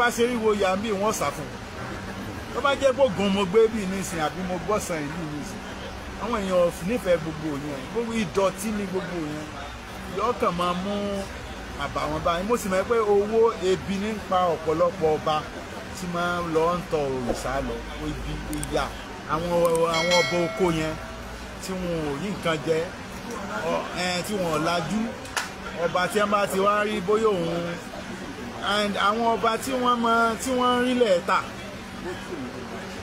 bá ṣe ríwo ìyá mi wọ́n sá fún tó bá jẹ́ pé ògùn mo gbé bíi nísìn àbí mo gbọ́sàn ìlú nísìn àwọn èèyàn nífẹ̀ẹ́ gbogbo yẹn gbogbo ìdọ̀tí ni gbogbo yẹn yóò kàn máa mú àbàwọ́n báyìí mo sì mọ̀ pé owó ebi ní pa ọ̀pọ̀lọpọ̀ ọba tí máa ń lọ ń tọ òrìṣà lọ ibi ìyà àwọn àwọn ọba oko yẹn tí wọn ò yí nǹkan jẹ tí wọn ò lajú ọba tí wọn bá ti wá rí bóyá òun and àwọn ọba tí wọ́n mọ tí wọ́n ń rílẹ̀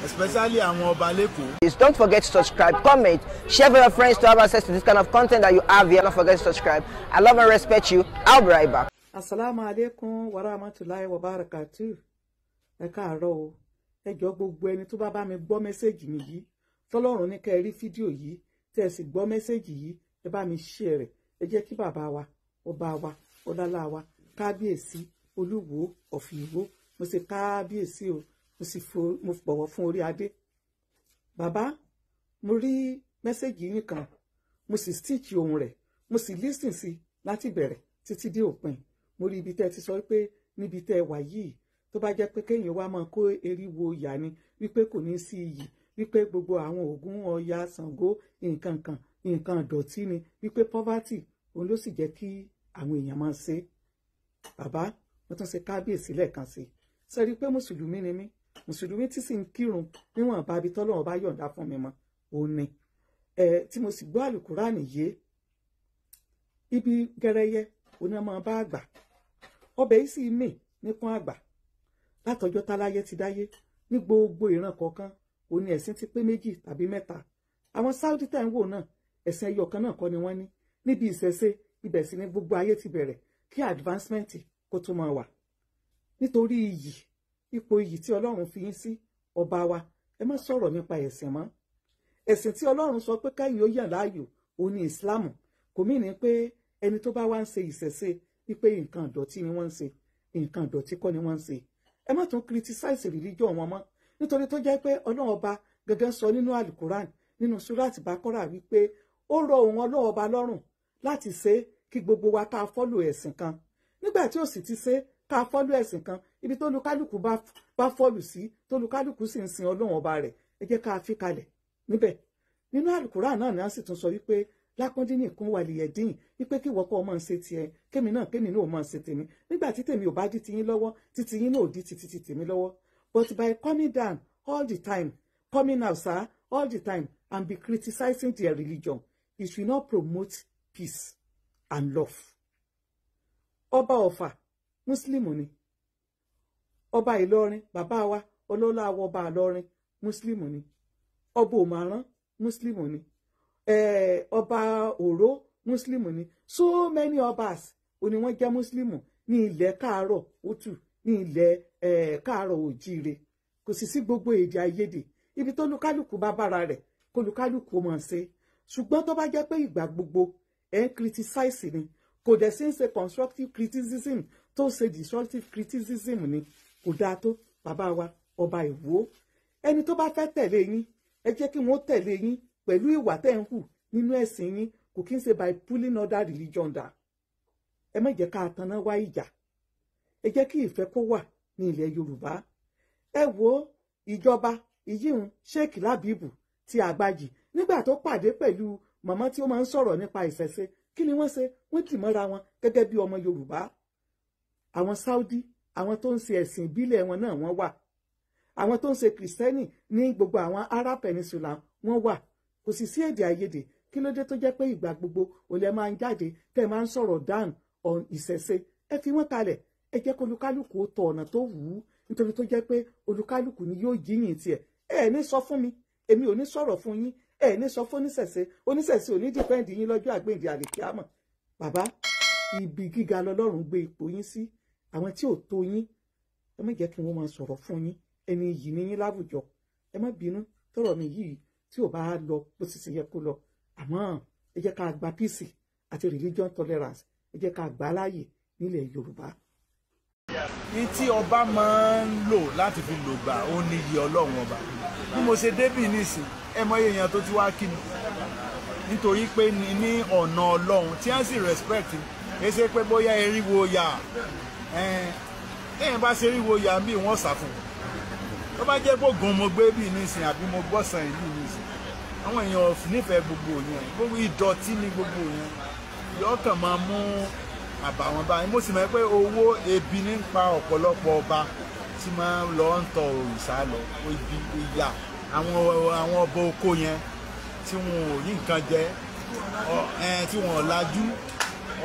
especially àwọn ọba lẹ́kọ̀ọ́. Please don't forget to subscribe, comment, share with your friends to have access to this kind of content that you have here. Don't forget to subscribe. I love and respect you. I'll be right back. Asalaamu alaikum wa Ẹ káàárọ̀ o. Ẹ jọ̀ọ́ gbogbo ẹni tó bá bá mi gbọ́ mẹ́sẹ̀gì mi yìí. Tọ́lọ́run ní kẹ́ ẹ rí fídíò yìí. Tẹ́ ẹ sì gbọ́ mẹ́sẹ̀gì yìí. Ẹ bá mi share rẹ̀. Ẹ jẹ́ kí bàbá wa, ọba wa, ọlálá wa, kábíyèsí, olúwo ọ̀fìwó mo sì kábíyèsí o mo sì mo bọ̀wọ̀ fún orí adé bàbá mo rí mẹ́sẹ̀gì yín kan mo sì stitch ohun rẹ̀ mo sì listen sí láti bẹ̀rẹ̀ títí dé òpin mo rí ibi tẹ́ ti sọ pé níbi tẹ́ wà yìí tó bá jẹ́ pé kéèyàn wá máa kó eriwo ìyá ni wípé kò ní sí iyì wípé gbogbo àwọn Ògún Ọya Ṣàngó nǹkan nǹkan ìdọ̀tí ni wípé poverty òun ló sì jẹ́ kí àwọn èèyàn máa ṣe bàbá mo tún ṣe kábíyèsí lẹ́ẹ̀kan sí i ṣe rí i pé mùsùlùmí ni mí mùsùlùmí tí sì ń kírun níwọ̀n bá ibi tọ́lọ́run bá yọ̀ǹda fún mi mọ́ òun ni tí mo sì gbọ́ àlùkùránì yé ibi gẹrẹyẹ oní ọmọ bá àgbà ọbẹ̀ yìí sì mì nípọn àgbà látọjọ́ táláyé ti dáyé ní gbogbo ìran kọ̀ọ̀kan òní ẹ̀sìn ti pé méjì tàbí mẹ́ta àwọn Saudi tá ń wò náà ẹ̀sìn ẹyọ kan náà kọ́ ni wọ́n ní níbi ìṣẹ̀ṣe ibẹ̀ sì ni gbogbo ayé ti bẹ̀rẹ̀ kí advancement kó tún máa wà nítorí iyì ipò iyì tí ọlọ́run fi yín sí ọba wa ẹ má sọ̀rọ̀ nípa ẹ̀sìn mọ́ ẹ̀sìn tí ọlọ́run sọ pé káyìn ó yàn láàyò òun ni ìsìláàmù kò mí ní pé ẹni tó bá wá ń ṣe ìṣẹ̀ṣe wípé nǹkan ìdọ̀tí ni wọ́n ń ṣe nǹkan ìdọ̀tí kọ́ ni wọ́n ń ṣe ẹ má tún criticize religion wọn mọ́ nítorí tó jẹ́ pé ọlọ́run ọba gẹ́gẹ́ sọ nínú alukuran nínú surati bakora wípé ó rọ òun ọlọ́run ọba lọ́rùn láti ṣe kí gbogbo wa ká fọ́lò ẹ̀sìn kan nígbà tí ò sì ti ṣe ká fọ́lú ẹ̀sìn kan ibi tó lukálùkù bá fọ́lù sí tó lukálùkù sì ń sin ọlọ́run ọba rẹ̀ ẹ jẹ́ ká fi kalẹ̀ níbẹ̀ nínú àlùkùrá náà ni a sì tún sọ wípé lákúndín nìkan wà lìyẹ dín wípé kí wọ́pọ̀ ọmọ ń ṣe tiẹ̀ kémi náà kémi náà ọmọ ń ṣe tèmi nígbà tí tèmi ò bá dí tiyín lọ́wọ́ tí tiyín náà ò dí titi tèmi lọ́wọ́ but by coming down all the time coming out sir all the time and be criticising their religion it will not promote peace and love ọba ọ̀fà mùsùlùmù ni ọba ìlọrin bàbá wa ọlọ́lá àwọ̀ ọba ìlọrin mùsùlùmù ni ọba òmàrán mùsùlùmù ni ọba òró mùsùlùmù ni so many ọbas òní wọ́n jẹ́ mùsùlùmù ní ilẹ̀ káàárọ̀ òtù ní ilẹ̀ káàárọ̀ òjíire kò sì sí gbogbo èdè àìyedè ibi tó lukálùkù bá bára rẹ̀ kó lukálùkù mọ̀ ṣe ṣùgbọ́n tó bá jẹ́ pé ìgbà gbogbo ẹ̀ ń criticize ni kò dẹ̀ sí ń ṣe constructive criticism tó ṣe destructive criticism ni kò dáa tó bàbá wa ọba ìwó ẹni tó bá fẹ́ tẹ̀lé yín ẹ jẹ́ kí wọ́n tẹ̀lé yín pẹ̀lú ìwà tẹ̀ ń hù nínú ẹ̀sìn yín kò kí ń ṣe by pulling other religion da. ẹ má jẹ́ ká tanná wá ìjà ẹ jẹ́ kí ìfẹ́ kó wà ní ilẹ̀ yorùbá ẹ wo ìjọba ìyíhun sheikh labibu ti àgbàjì nígbà tó pàdé pẹ̀lú màmá tí ó máa ń sọ̀rọ̀ nípa ìṣẹ̀ṣe kí ni wọ́n ṣe wọ́n dì mọ́ra wọn gẹ́gẹ́ bí ọmọ Yorùbá àwọn Saudi àwọn tó ń ṣe ẹ̀sìn ìbílẹ̀ wọn náà wọ́n wà àwọn tó ń ṣe kìrìsìtẹ́nì ní gbogbo àwọn Arab Peninsula wọ́n wà kò sì sí èdè àìyedè kí ló dé tó jẹ́ pé ìgbà gbogbo olè máa ń jáde tẹ́ máa ń sọ̀rọ̀ down on ìṣẹ̀ṣe ẹ fi wọ́n kalẹ̀ ẹ jẹ́ kó olúkálùkù tọ ọ̀nà tó wù ú nítorí ni yóò jíyìn tiẹ̀ mi èmi ò ní ẹ ní sọ fún oníṣẹ̀ṣe oníṣẹ̀ṣe ò ní dìpẹ́ǹdì yín lọ́jọ́ àgbèǹdì àlìkíámọ̀ bàbá ibi gíga lọlọ́run gbé ipò yín sí àwọn tí ò tó yín ẹ má jẹ́ kí wọ́n máa sọ̀rọ̀ fún yín ẹni yìí ní yín láwùjọ ẹ má bínú tọ̀rọ̀ mi yìí tí ò bá lọ bó sì ṣe yẹ kó lọ àmọ́ ẹ jẹ́ ká gba peace àti religion tolerance ẹ jẹ́ ká gbà láàyè nílẹ̀ Yorùbá ní tí ọba máa ń lò láti fi lògbà ó níyì ọlọ́run ọba bí mo ṣe débì nísìnyí ẹ mọ iye èèyàn tó ti wá kí mi nítorí pé ní ọ̀nà ọlọ́run tí wọ́n sì respect ẹ ṣe pé bóyá eriwo yà ẹ̀yìn bá ṣe eriwo yà mí wọ́n ṣàfù tó bá jẹ́ pé gan mo gbé bí nísìn àbí mo gbọ́sàn ìlú nísìn àwọn èèyàn nífẹ̀ẹ́ gbogbo yẹn gbogbo ìdọ̀tí ni gbogbo yẹn yọkàn máa mú àbàwọn báyìí mo sì mọ̀ pé owó ebi ní pa ọ̀pọ̀lọpọ̀ ọba tí máa ń lọ ń tọ òrìṣà lọ ibi ìyà àwọn àwọn ọba oko yẹn tí wọn ò ní nǹkan jẹ tí wọn ò lajú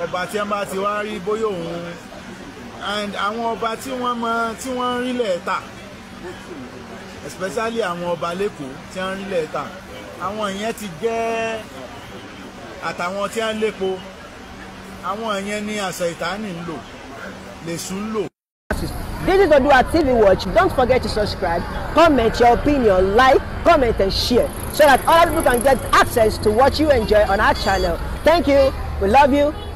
ọba tí wọn bá ti wá rí bóyá òun and àwọn ọba tí wọ́n mọ tí wọ́n ń rí lẹ́ẹ̀ta especially àwọn ọba lẹ́kọ̀ọ́ tí wọ́n ń rí lẹ́ẹ̀ta àwọn ìyẹn ti jẹ́ àtàwọn tí wọ́n ń lépo àwọn ìyẹn ni àṣà ìtaní ń lò lèṣù ń lò. This is Oòduà TV Watch. Don't forget to subscribe. comment your opinion, like, comment and share so that other people can get access to what you enjoy on our channel. Thank you. We love you.